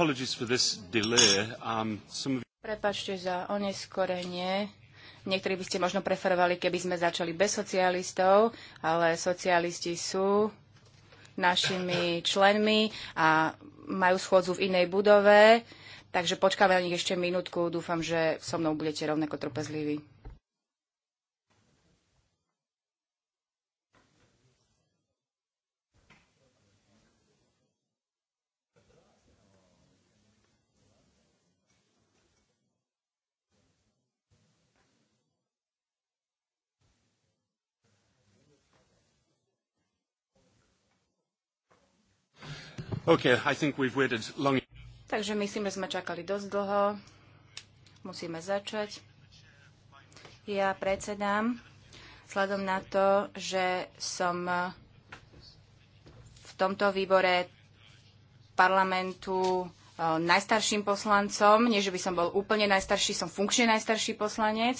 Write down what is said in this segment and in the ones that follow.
apologies for this delay. Um, some of... Prepačte za oneskorenie. Niektorí by ste možno preferovali, keby sme začali bez socialistov, ale socialisti sú našimi členmi a majú schôdzu v inej budove, takže počkáme na nich ešte minútku. Dúfam, že so mnou budete rovnako trpezliví. Okay, I think we've waited long... Takže myslím, že sme čakali dosť dlho. Musíme začať. Ja predsedám, vzhľadom na to, že som v tomto výbore parlamentu e, najstarším poslancom, nie že by som bol úplne najstarší, som funkčne najstarší poslanec.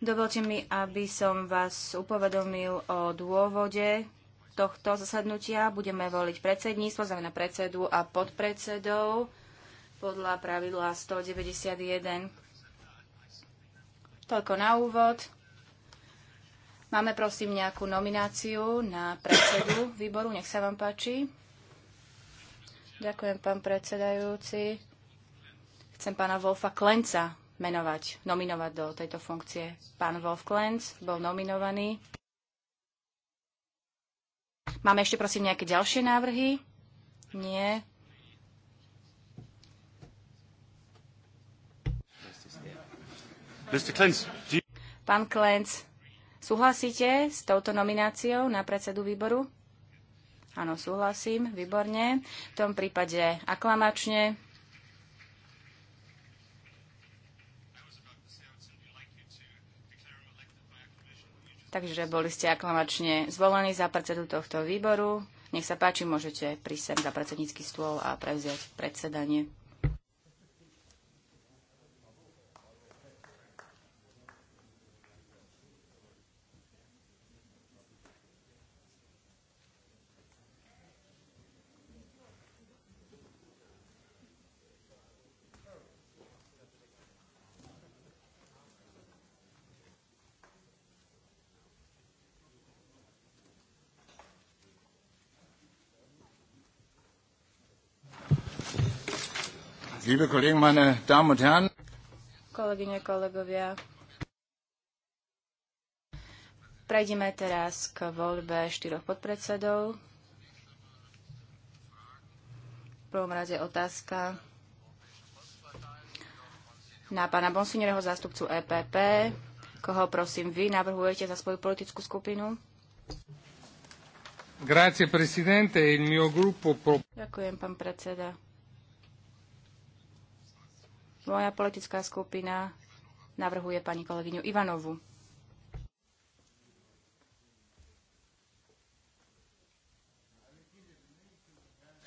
Dovolte mi, aby som vás upovedomil o dôvode, tohto zasadnutia budeme voliť predsedníctvo, znamená predsedu a podpredsedov podľa pravidla 191. Toľko na úvod. Máme prosím nejakú nomináciu na predsedu výboru. Nech sa vám páči. Ďakujem, pán predsedajúci. Chcem pána Wolfa Klenca menovať, nominovať do tejto funkcie. Pán Wolf Klenc bol nominovaný. Máme ešte prosím nejaké ďalšie návrhy? Nie. Pán Klenc, súhlasíte s touto nomináciou na predsedu výboru? Áno, súhlasím, výborne. V tom prípade aklamačne. Takže boli ste aklamačne zvolení za predsedu tohto výboru. Nech sa páči, môžete prísť sem za predsednícky stôl a prevziať predsedanie. Liebe Kollegen, meine Damen und Herren. Kolegyne, kolegovia. Prejdeme teraz k voľbe štyroch podpredsedov. V prvom rade otázka na pána Bonsignoreho zástupcu EPP. Koho prosím vy navrhujete za svoju politickú skupinu? Grazie, presidente. E il mio gruppo... Ďakujem, pán predseda. Moja politická skupina navrhuje pani kolegyňu Ivanovu.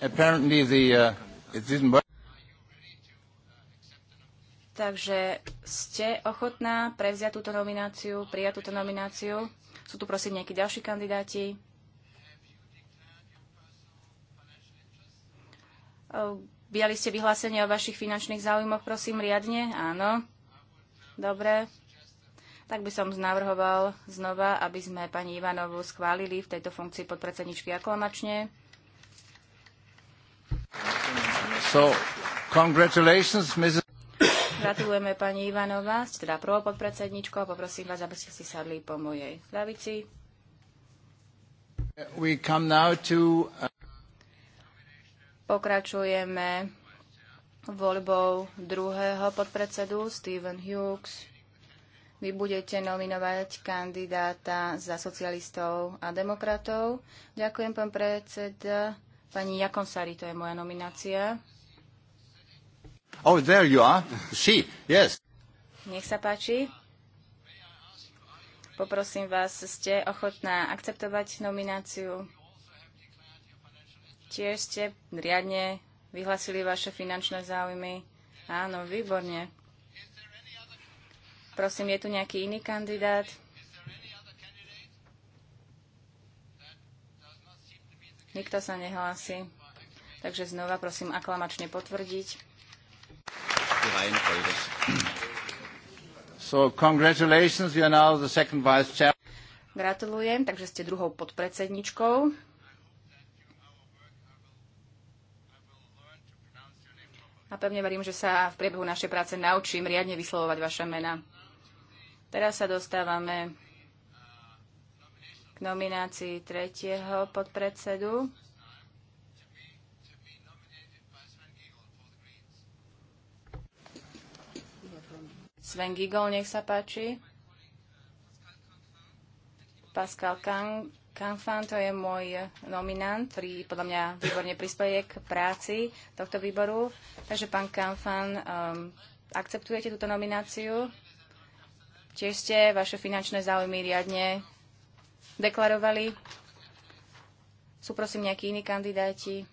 Apparently the, uh, it didn't work. Takže ste ochotná prevziať túto nomináciu, prijať túto nomináciu? Sú tu prosím nejakí ďalší kandidáti? Vydali ste vyhlásenie o vašich finančných záujmoch, prosím, riadne? Áno. Dobre. Tak by som znavrhoval znova, aby sme pani Ivanovu schválili v tejto funkcii podpredsedničky aklamačne. So, congratulations, Mrs. Gratulujeme pani Ivanova, ste teda prvou podpredsedničkou a poprosím vás, aby ste si sadli po mojej lavici. We come now to... Uh, Pokračujeme voľbou druhého podpredsedu Stephen Hughes. Vy budete nominovať kandidáta za socialistov a demokratov. Ďakujem, pán predseda. Pani Jakonsari, to je moja nominácia. Oh, there you are. She, yes. Nech sa páči. Poprosím vás, ste ochotná akceptovať nomináciu? Tiež ste riadne vyhlasili vaše finančné záujmy. Áno, výborne. Prosím, je tu nejaký iný kandidát? Nikto sa nehlási. Takže znova prosím aklamačne potvrdiť. So, congratulations, you are now the second vice chair. Gratulujem, takže ste druhou podpredsedničkou. a pevne verím, že sa v priebehu našej práce naučím riadne vyslovovať vaše mena. Teraz sa dostávame k nominácii tretieho podpredsedu. Sven Gigol, nech sa páči. Pascal Kang Kanfan, to je môj nominant, ktorý podľa mňa výborne prispieje k práci tohto výboru. Takže pán Kanfan, um, akceptujete túto nomináciu? Tiež ste vaše finančné záujmy riadne deklarovali. Sú prosím nejakí iní kandidáti?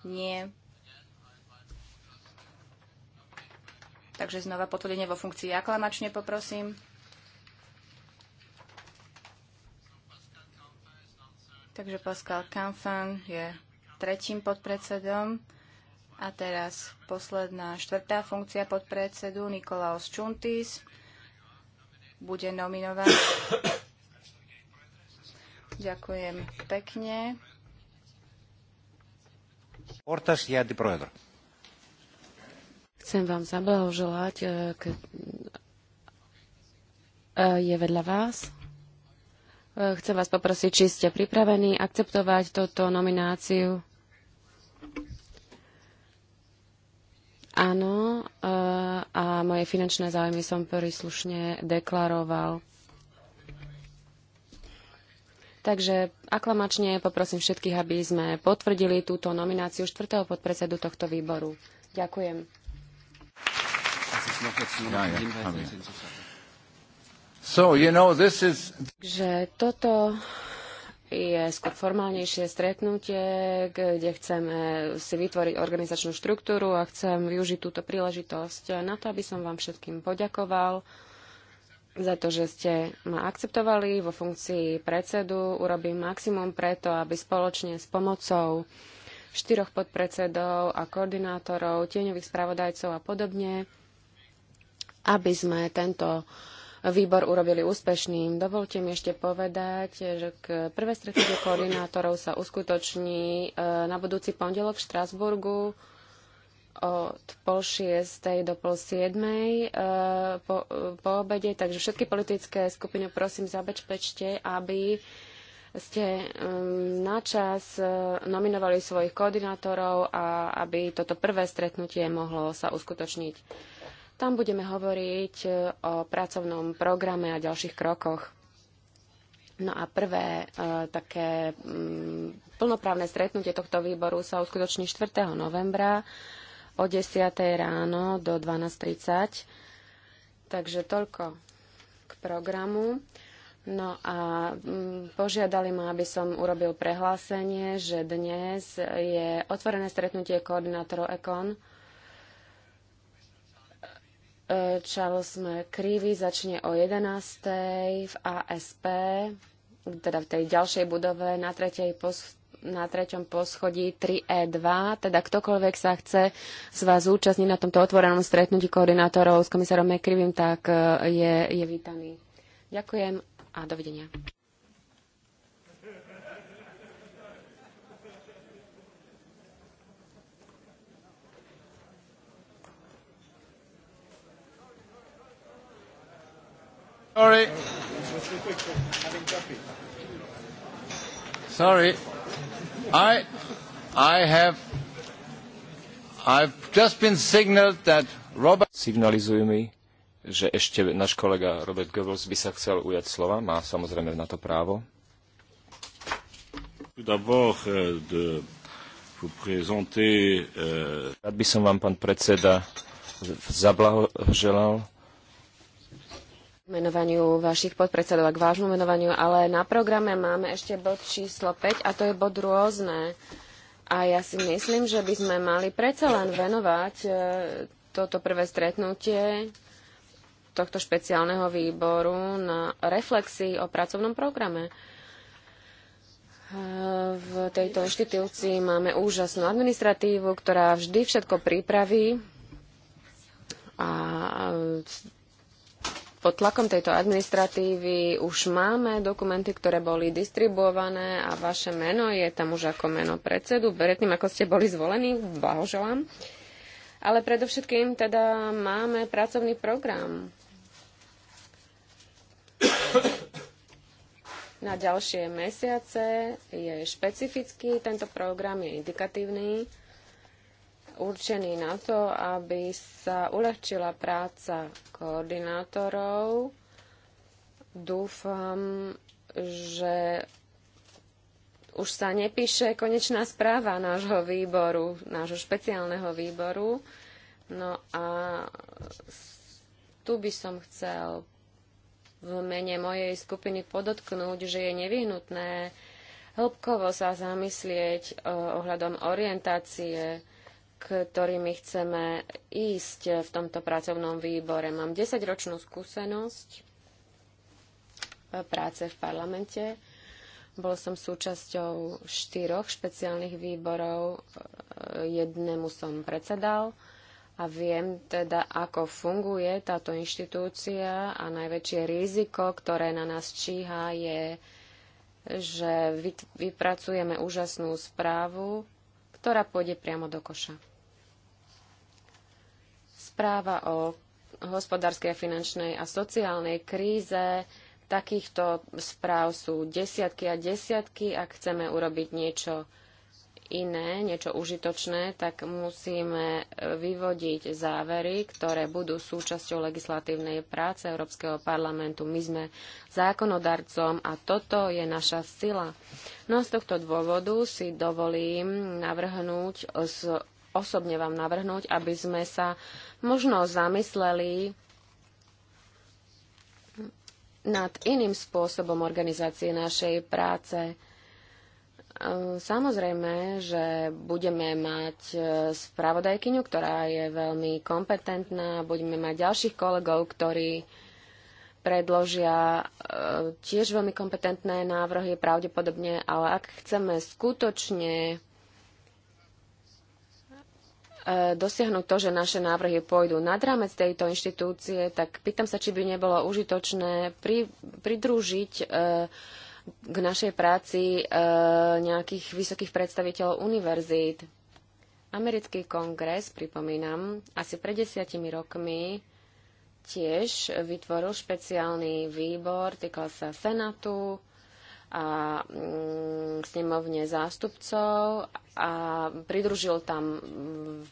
Nie. Takže znova potvrdenie vo funkcii aklamačne poprosím. Takže Pascal Kamfan je tretím podpredsedom a teraz posledná štvrtá funkcia podpredsedu Nikolaos Čuntis bude nominovať. Ďakujem pekne. Portas je antiprojedro. Chcem vám zablahoželať. Eh, K... Eh, je vedľa vás. Eh, chcem vás poprosiť, či ste pripravení akceptovať túto nomináciu. Áno, eh, a moje finančné záujmy som príslušne deklaroval. Takže aklamačne poprosím všetkých, aby sme potvrdili túto nomináciu štvrtého podpredsedu tohto výboru. Ďakujem. Ja, ja, že toto je skôr formálnejšie stretnutie, kde chceme si vytvoriť organizačnú štruktúru a chcem využiť túto príležitosť na to, aby som vám všetkým poďakoval za to, že ste ma akceptovali vo funkcii predsedu. Urobím maximum preto, aby spoločne s pomocou štyroch podpredsedov a koordinátorov, tieňových spravodajcov a podobne, aby sme tento výbor urobili úspešným. Dovolte mi ešte povedať, že k prvé stretnutie koordinátorov sa uskutoční e, na budúci pondelok v Štrasburgu od pol šiestej do pol siedmej e, po, po obede. Takže všetky politické skupiny prosím zabezpečte, aby ste mm, na čas e, nominovali svojich koordinátorov a aby toto prvé stretnutie mohlo sa uskutočniť. Tam budeme hovoriť e, o pracovnom programe a ďalších krokoch. No a prvé e, také mm, plnoprávne stretnutie tohto výboru sa uskutoční 4. novembra o 10. ráno do 12.30. Takže toľko k programu. No a mm, požiadali ma, aby som urobil prehlásenie, že dnes je otvorené stretnutie koordinátorov EKON Charles McCreevy začne o 11. v ASP, teda v tej ďalšej budove na, tretej pos- na treťom poschodí 3E2. Teda ktokoľvek sa chce z vás zúčastniť na tomto otvorenom stretnutí koordinátorov s komisárom McCreevym, tak e, je, je vítaný. Ďakujem a dovidenia. Sorry. Sorry. I, I have, I've just been signaled that Robert... Signalizujú mi, že ešte náš kolega Robert Goebbels by sa chcel ujať slova. Má samozrejme na to právo. Euh, euh, Rád by som vám, pán predseda, zablahoželal menovaniu vašich podpredsedov a k vášmu menovaniu, ale na programe máme ešte bod číslo 5 a to je bod rôzne. A ja si myslím, že by sme mali predsa len venovať e, toto prvé stretnutie tohto špeciálneho výboru na reflexii o pracovnom programe. E, v tejto inštitúcii máme úžasnú administratívu, ktorá vždy všetko pripraví a pod tlakom tejto administratívy už máme dokumenty, ktoré boli distribuované a vaše meno je tam už ako meno predsedu. Predtým, ako ste boli zvolení, blahoželám. Ale predovšetkým teda máme pracovný program na ďalšie mesiace. Je špecifický, tento program je indikatívny určený na to, aby sa uľahčila práca koordinátorov. Dúfam, že už sa nepíše konečná správa nášho výboru, nášho špeciálneho výboru. No a tu by som chcel v mene mojej skupiny podotknúť, že je nevyhnutné hĺbkovo sa zamyslieť eh, ohľadom orientácie ktorými chceme ísť v tomto pracovnom výbore. Mám 10-ročnú skúsenosť e, práce v parlamente. Bol som súčasťou štyroch špeciálnych výborov, e, jednému som predsedal a viem teda, ako funguje táto inštitúcia a najväčšie riziko, ktoré na nás číha, je, že vypracujeme úžasnú správu, ktorá pôjde priamo do koša. Správa o hospodárskej, finančnej a sociálnej kríze. Takýchto správ sú desiatky a desiatky. Ak chceme urobiť niečo iné, niečo užitočné, tak musíme e, vyvodiť závery, ktoré budú súčasťou legislatívnej práce Európskeho parlamentu. My sme zákonodarcom a toto je naša sila. No z tohto dôvodu si dovolím navrhnúť osobne vám navrhnúť, aby sme sa možno zamysleli nad iným spôsobom organizácie našej práce. Ehm, samozrejme, že budeme mať e, spravodajkyňu, ktorá je veľmi kompetentná, budeme mať ďalších kolegov, ktorí predložia e, tiež veľmi kompetentné návrhy pravdepodobne, ale ak chceme skutočne E, dosiahnuť to, že naše návrhy pôjdu nad rámec tejto inštitúcie, tak pýtam sa, či by nebolo užitočné pri, pridružiť e, k našej práci e, nejakých vysokých predstaviteľov univerzít. Americký kongres, pripomínam, asi pred desiatimi rokmi tiež vytvoril špeciálny výbor, týkal sa Senátu, a mm, snemovne zástupcov a pridružil tam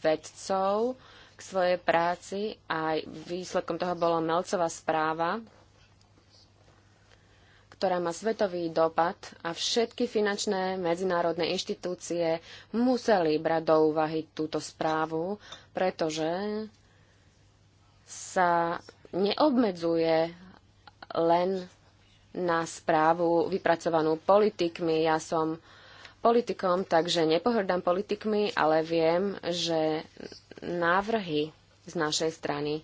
vedcov k svojej práci a výsledkom toho bola Melcová správa, ktorá má svetový dopad a všetky finančné medzinárodné inštitúcie museli brať do úvahy túto správu, pretože sa neobmedzuje len na správu vypracovanú politikmi. Ja som politikom, takže nepohrdám politikmi, ale viem, že návrhy z našej strany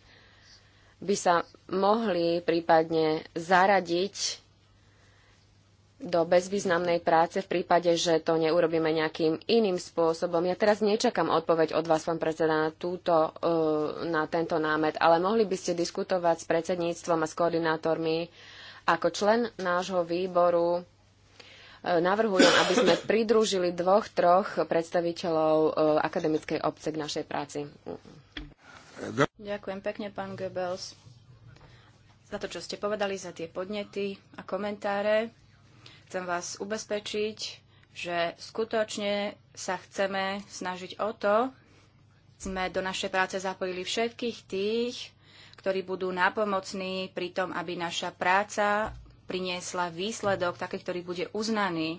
by sa mohli prípadne zaradiť do bezvýznamnej práce v prípade, že to neurobíme nejakým iným spôsobom. Ja teraz nečakám odpoveď od vás, pán predseda, na, túto, e, na tento námet, ale mohli by ste diskutovať s predsedníctvom a s koordinátormi ako člen nášho výboru e, navrhujem, aby sme pridružili dvoch, troch predstaviteľov e, akademickej obce k našej práci. Ďakujem pekne, pán Goebbels, za to, čo ste povedali, za tie podnety a komentáre. Chcem vás ubezpečiť, že skutočne sa chceme snažiť o to, sme do našej práce zapojili všetkých tých, ktorí budú nápomocní pri tom, aby naša práca priniesla výsledok, taký, ktorý bude uznaný.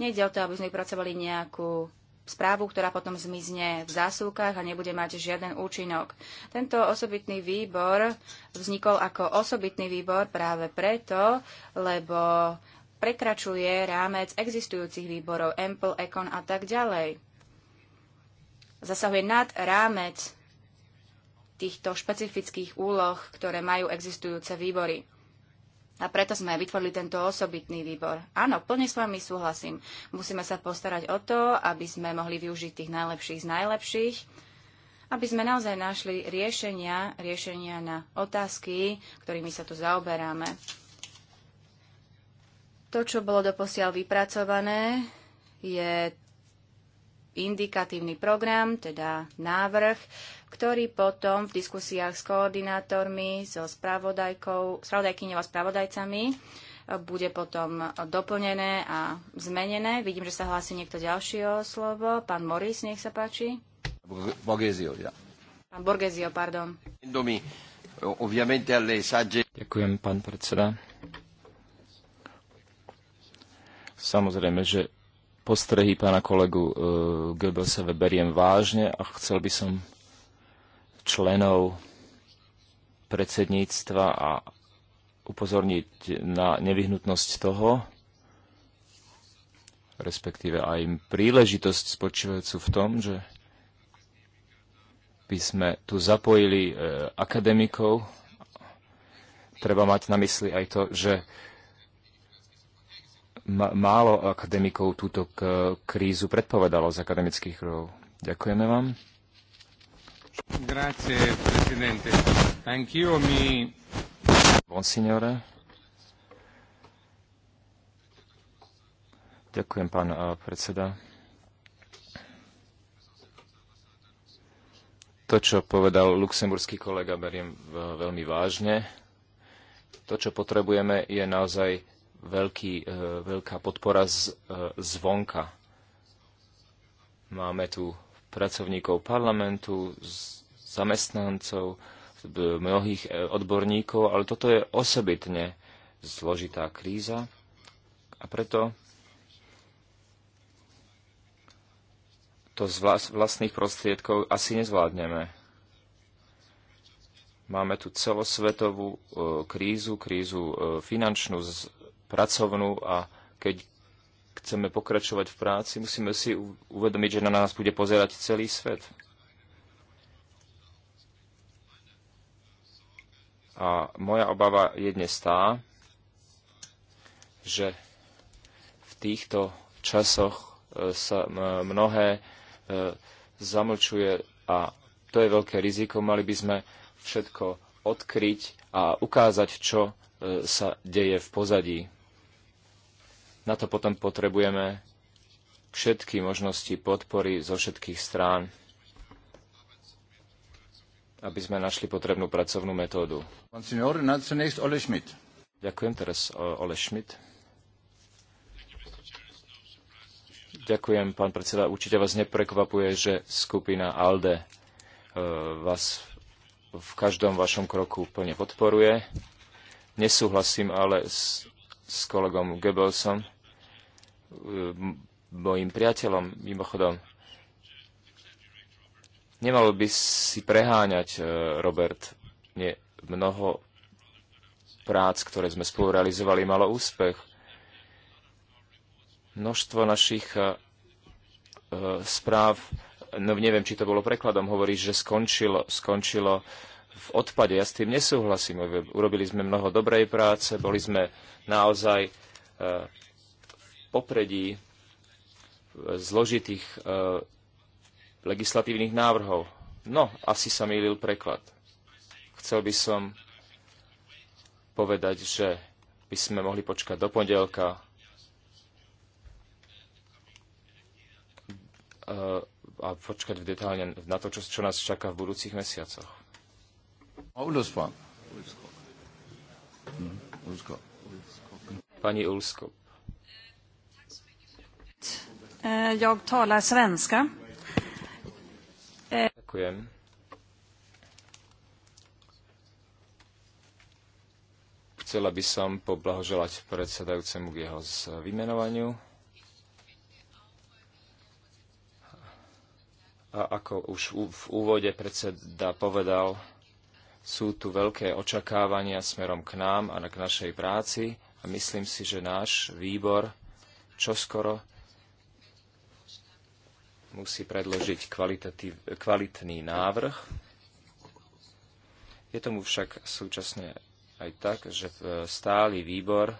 Nejde o to, aby sme pracovali nejakú správu, ktorá potom zmizne v zásuvkách a nebude mať žiaden účinok. Tento osobitný výbor vznikol ako osobitný výbor práve preto, lebo prekračuje rámec existujúcich výborov EMPL, ECON a tak ďalej. Zasahuje nad rámec týchto špecifických úloh, ktoré majú existujúce výbory. A preto sme vytvorili tento osobitný výbor. Áno, plne s vami súhlasím. Musíme sa postarať o to, aby sme mohli využiť tých najlepších z najlepších, aby sme naozaj našli riešenia, riešenia na otázky, ktorými sa tu zaoberáme. To, čo bolo doposiaľ vypracované, je indikatívny program, teda návrh, ktorý potom v diskusiách s koordinátormi, so spravodajkou, spravodajkyňou a spravodajcami e, bude potom doplnené a zmenené. Vidím, že sa hlási niekto ďalšie slovo. Pán Moris, nech sa páči. Borgesio, ja. Pán Borgesio, pardon. Ďakujem, pán predseda. Samozrejme, že postrehy pána kolegu e, Goebbelsa beriem vážne a chcel by som členov predsedníctva a upozorniť na nevyhnutnosť toho, respektíve aj príležitosť spočívajúcu v tom, že by sme tu zapojili e, akademikov. Treba mať na mysli aj to, že málo akademikov túto krízu predpovedalo z akademických rov. Ďakujeme vám. Grazie, presidente. Anch'io mi... Buon Ďakujem, pán eh, predseda. To, čo povedal luxemburský kolega, beriem veľmi vážne. To, čo potrebujeme, je naozaj veľký, eh, veľká podpora z, eh, zvonka. Máme tu pracovníkov parlamentu, zamestnancov, mnohých e, odborníkov, ale toto je osobitne zložitá kríza a preto to z vlastných prostriedkov asi nezvládneme. Máme tu celosvetovú e, krízu, krízu e, finančnú, pracovnú a keď chceme pokračovať v práci, musíme si uvedomiť, že na nás bude pozerať celý svet. A moja obava je dnes tá, že v týchto časoch e, sa mnohé e, zamlčuje a to je veľké riziko. Mali by sme všetko odkryť a ukázať, čo e, sa deje v pozadí. Na to potom potrebujeme všetky možnosti podpory zo všetkých strán, aby sme našli potrebnú pracovnú metódu. Ďakujem teraz Ole Schmidt. Ďakujem, pán predseda. Určite vás neprekvapuje, že skupina ALDE e, vás v každom vašom kroku plne podporuje. Nesúhlasím ale s, s kolegom Goebbelsom E, mojim priateľom, mimochodom. nemalo by si preháňať, e, Robert. Nie, mnoho prác, ktoré sme spolu realizovali, malo úspech. Množstvo našich e, správ, no neviem, či to bolo prekladom, hovoríš, že skončilo, skončilo v odpade. Ja s tým nesúhlasím. Urobili sme mnoho dobrej práce, boli sme naozaj popredí zložitých e, legislatívnych návrhov. No, asi sa mýlil preklad. Chcel by som povedať, že by sme mohli počkať do pondelka. E, a počkať v detálne na to, čo, čo nás čaká v budúcich mesiacoch. Hm? Pani Ulskop. Eh, jag talar svenska. Eh. Ďakujem. Chcela by som poblahoželať predsedajúcemu k jeho vymenovaniu. A ako už v úvode predseda povedal, sú tu veľké očakávania smerom k nám a k našej práci a myslím si, že náš výbor čoskoro musí predložiť kvalitný návrh. Je tomu však súčasne aj tak, že stály výbor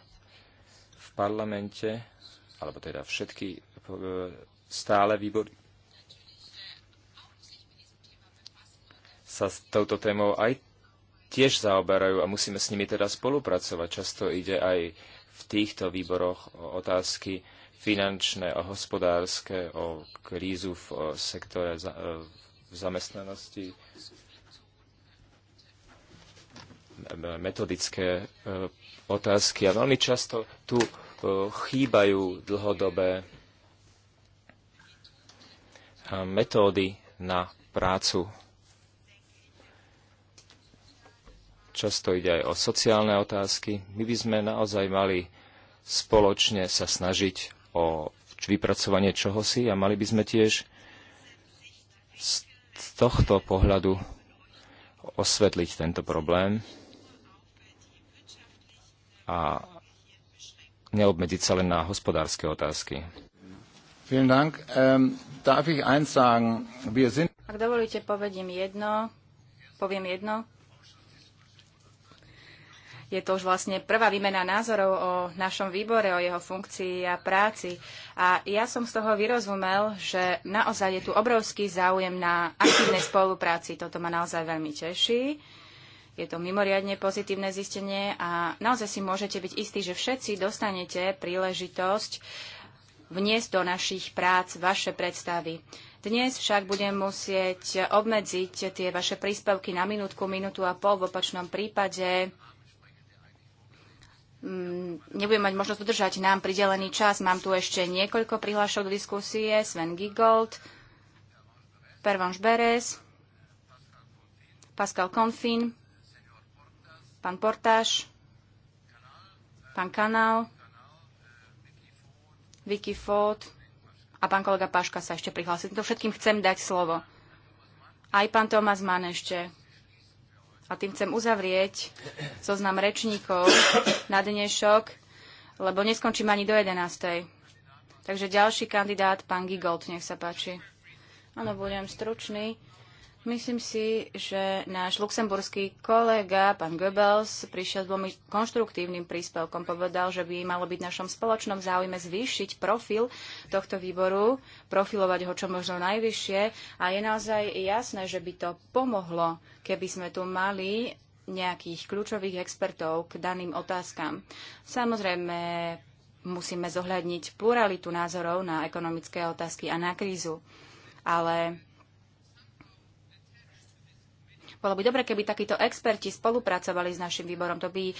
v parlamente, alebo teda všetky e, stále výbory, sa s touto témou aj tiež zaoberajú a musíme s nimi teda spolupracovať. Často ide aj v týchto výboroch o otázky finančné a hospodárske, o krízu v sektore e, v zamestnanosti, metodické e, otázky a veľmi často tu e, chýbajú dlhodobé metódy na prácu. Často ide aj o sociálne otázky. My by sme naozaj mali spoločne sa snažiť o vypracovanie čohosi a mali by sme tiež z tohto pohľadu osvetliť tento problém a neobmedziť sa len na hospodárske otázky. Ähm, Ak dovolíte, povedím jedno, poviem jedno. Je to už vlastne prvá výmena názorov o našom výbore, o jeho funkcii a práci. A ja som z toho vyrozumel, že naozaj je tu obrovský záujem na aktívnej spolupráci. Toto ma naozaj veľmi teší. Je to mimoriadne pozitívne zistenie a naozaj si môžete byť istí, že všetci dostanete príležitosť vniesť do našich prác vaše predstavy. Dnes však budem musieť obmedziť tie vaše príspevky na minútku, minútu a pol. V opačnom prípade Mm, nebudem mať možnosť udržať nám pridelený čas. Mám tu ešte niekoľko prihlášok do diskusie. Sven Gigold, Pervanš Beres, Pascal Konfin, pán Portáš, pán Kanál, Vicky Ford a pán kolega Paška sa ešte prihlásil. To všetkým chcem dať slovo. Aj pán Tomás Mann ešte a tým chcem uzavrieť zoznam rečníkov na dnešok, lebo neskončím ani do 11. Takže ďalší kandidát, pán Gigold, nech sa páči. Áno, budem stručný. Myslím si, že náš luxemburský kolega, pán Goebbels, prišiel s veľmi konštruktívnym príspevkom. Povedal, že by malo byť v našom spoločnom záujme zvýšiť profil tohto výboru, profilovať ho čo možno najvyššie. A je naozaj jasné, že by to pomohlo, keby sme tu mali nejakých kľúčových expertov k daným otázkam. Samozrejme, musíme zohľadniť pluralitu názorov na ekonomické otázky a na krízu. Ale bolo by dobre, keby takíto experti spolupracovali s našim výborom. To by e,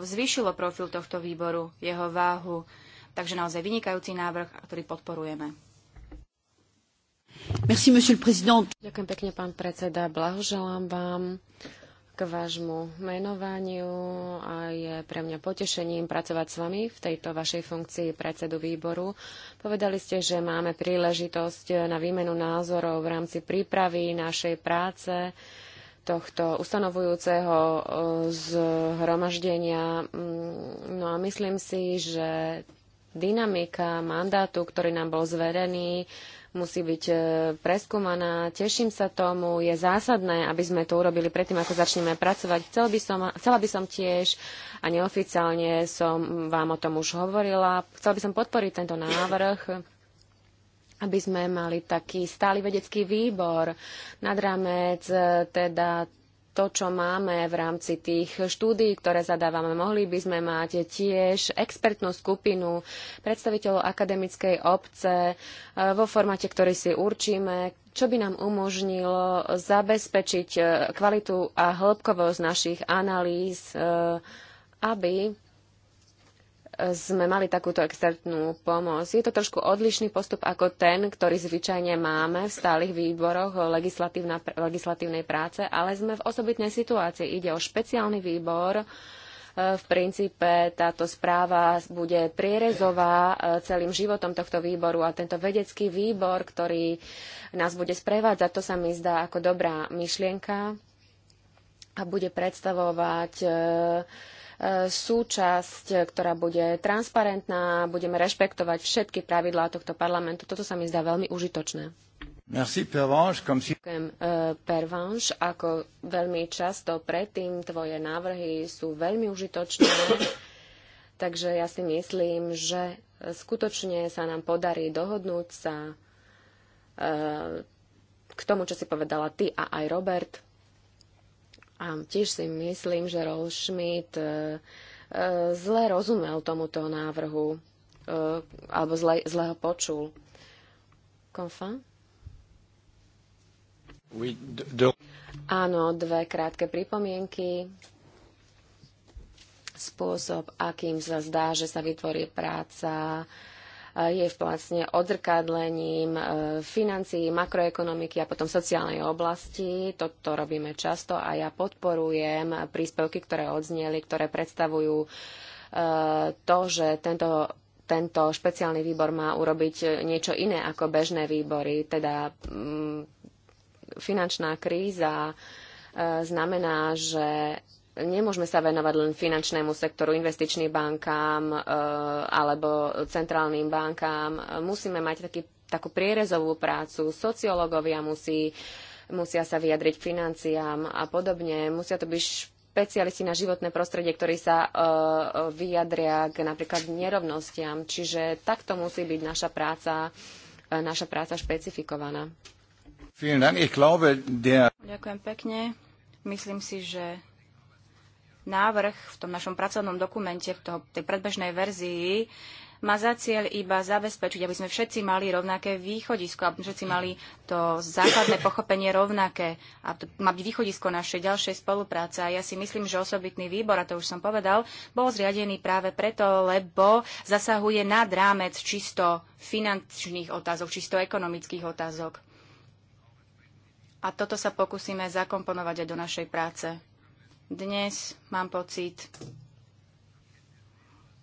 zvýšilo profil tohto výboru, jeho váhu. Takže naozaj vynikajúci návrh, ktorý podporujeme. Merci, monsieur le président. Ďakujem pekne, pán predseda. Blahoželám vám k vášmu menovaniu a je pre mňa potešením pracovať s vami v tejto vašej funkcii predsedu výboru. Povedali ste, že máme príležitosť na výmenu názorov v rámci prípravy našej práce tohto ustanovujúceho e, zhromaždenia. Mm, no a myslím si, že dynamika mandátu, ktorý nám bol zverený, musí byť e, preskúmaná. Teším sa tomu. Je zásadné, aby sme to urobili predtým, ako začneme pracovať. Chcela by som, chcela by som tiež, a neoficiálne som vám o tom už hovorila, chcela by som podporiť tento návrh aby sme mali taký stály vedecký výbor nad rámec e, teda to, čo máme v rámci tých štúdií, ktoré zadávame. Mohli by sme mať tiež expertnú skupinu predstaviteľov akademickej obce e, vo formáte, ktorý si určíme, čo by nám umožnilo zabezpečiť e, kvalitu a hĺbkovosť našich analýz, aby sme mali takúto extertnú pomoc. Je to trošku odlišný postup ako ten, ktorý zvyčajne máme v stálych výboroch legislatívnej práce, ale sme v osobitnej situácii. Ide o špeciálny výbor. E, v princípe táto správa bude prierezová e, celým životom tohto výboru a tento vedecký výbor, ktorý nás bude sprevádzať, to sa mi zdá ako dobrá myšlienka a bude predstavovať e, súčasť, ktorá bude transparentná, budeme rešpektovať všetky pravidlá tohto parlamentu. Toto sa mi zdá veľmi užitočné. Merci, Pervanche, comme si... Ďakujem, eh, Ako veľmi často predtým, tvoje návrhy sú veľmi užitočné, takže ja si myslím, že skutočne sa nám podarí dohodnúť sa eh, k tomu, čo si povedala ty a aj Robert a tiež si myslím, že Roll Schmidt e, e, zle rozumel tomuto návrhu e, alebo zle, zle ho počul. Konfa? Oui, Áno, dve krátke pripomienky. Spôsob, akým sa zdá, že sa vytvorí práca, je vlastne odzrkadlením e, financií, makroekonomiky a potom sociálnej oblasti. Toto robíme často a ja podporujem príspevky, ktoré odzneli, ktoré predstavujú e, to, že tento tento špeciálny výbor má urobiť niečo iné ako bežné výbory, teda mm, finančná kríza e, znamená, že nemôžeme sa venovať len finančnému sektoru, investičným bankám e, alebo centrálnym bankám. Musíme mať taký, takú prierezovú prácu. Sociológovia musí, musia sa vyjadriť k financiám a podobne. Musia to byť špecialisti na životné prostredie, ktorí sa e, vyjadria k napríklad nerovnostiam. Čiže takto musí byť naša práca, e, naša práca špecifikovaná. Ďakujem pekne. Myslím si, že návrh v tom našom pracovnom dokumente, v toho, tej predbežnej verzii, má za cieľ iba zabezpečiť, aby sme všetci mali rovnaké východisko, aby všetci mali to základné pochopenie rovnaké. A to má byť východisko našej ďalšej spolupráce. A ja si myslím, že osobitný výbor, a to už som povedal, bol zriadený práve preto, lebo zasahuje nad rámec čisto finančných otázok, čisto ekonomických otázok. A toto sa pokúsime zakomponovať aj do našej práce. Dnes mám pocit,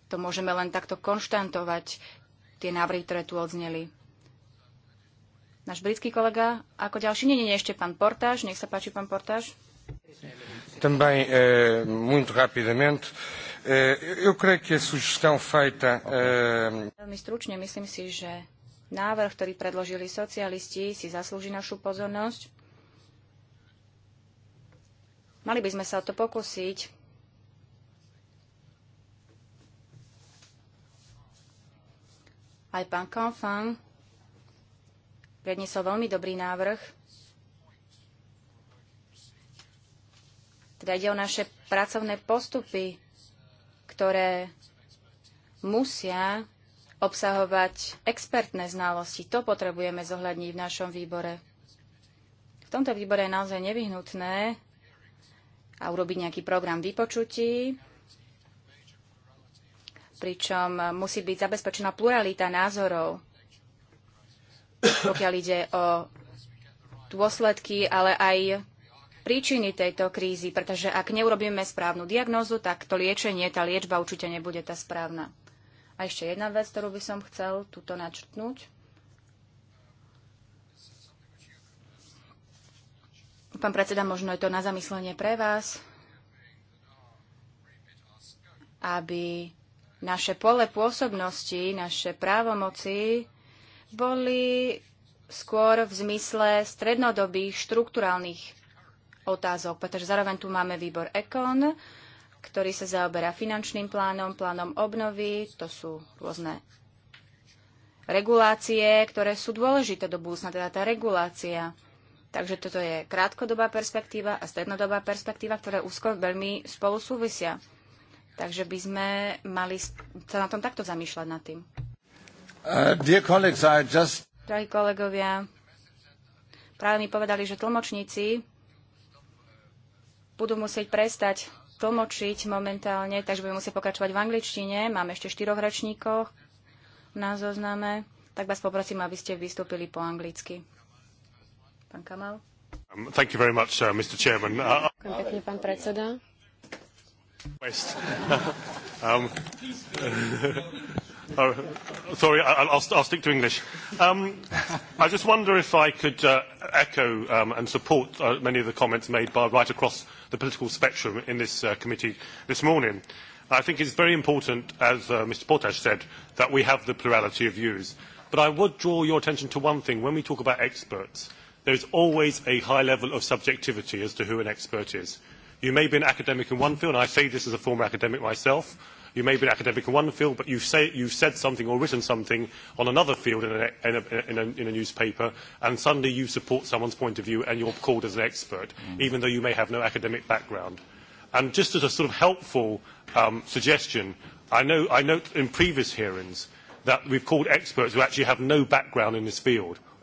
to môžeme len takto konštantovať, tie návrhy, ktoré tu odzneli. Náš britský kolega, ako ďalší, nie, nie, nie ešte pán Portáž, nech sa páči pán Portáž. Também, eh, muito rapidamente, eh, eu creio que a sugestão feita... Eh... Veľmi stručne, myslím si, že návrh, ktorý predložili socialisti, si zaslúži našu pozornosť. Mali by sme sa o to pokúsiť. Aj pán Confang predniesol veľmi dobrý návrh. Teda ide o naše pracovné postupy, ktoré musia obsahovať expertné znalosti. To potrebujeme zohľadniť v našom výbore. V tomto výbore je naozaj nevyhnutné, a urobiť nejaký program vypočutí, pričom musí byť zabezpečená pluralita názorov, pokiaľ ide o dôsledky, ale aj príčiny tejto krízy, pretože ak neurobíme správnu diagnózu, tak to liečenie, tá liečba určite nebude tá správna. A ešte jedna vec, ktorú by som chcel tuto načrtnúť. Pán predseda, možno je to na zamyslenie pre vás, aby naše pole pôsobnosti, naše právomoci boli skôr v zmysle strednodobých štruktúrálnych otázok, pretože zároveň tu máme výbor EKON, ktorý sa zaoberá finančným plánom, plánom obnovy, to sú rôzne regulácie, ktoré sú dôležité do budúcna, teda tá regulácia. Takže toto je krátkodobá perspektíva a strednodobá perspektíva, ktoré úzko veľmi spolu súvisia. Takže by sme mali sa na tom takto zamýšľať nad tým. Uh, just... Drahí kolegovia, práve mi povedali, že tlmočníci budú musieť prestať tlmočiť momentálne, takže budeme musieť pokračovať v angličtine. Máme ešte štyroch rečníkov na zozname, tak vás poprosím, aby ste vystúpili po anglicky. Pán Kamal. Um, thank you very much, uh, Mr. Chairman. Uh, uh pekne, pán predseda. West. um, uh, sorry, I'll, I'll, I'll stick to English. Um, I just wonder if I could uh, echo um, and support uh, many of the comments made by right across the political spectrum in this uh, committee this morning. I think it's very important, as uh, Mr. Portage said, that we have the plurality of views. But I would draw your attention to one thing. When we talk about experts, there is always a high level of subjectivity as to who an expert is. You may be an academic in one field, and I say this as a former academic myself, you may be an academic in one field, but you say, you've said something or written something on another field in a, in, a, in, a, in a newspaper, and suddenly you support someone's point of view and you're called as an expert, mm. even though you may have no academic background. And just as a sort of helpful um, suggestion, I, know, I note in previous hearings that we've called experts who actually have no background in this field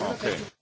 Okay.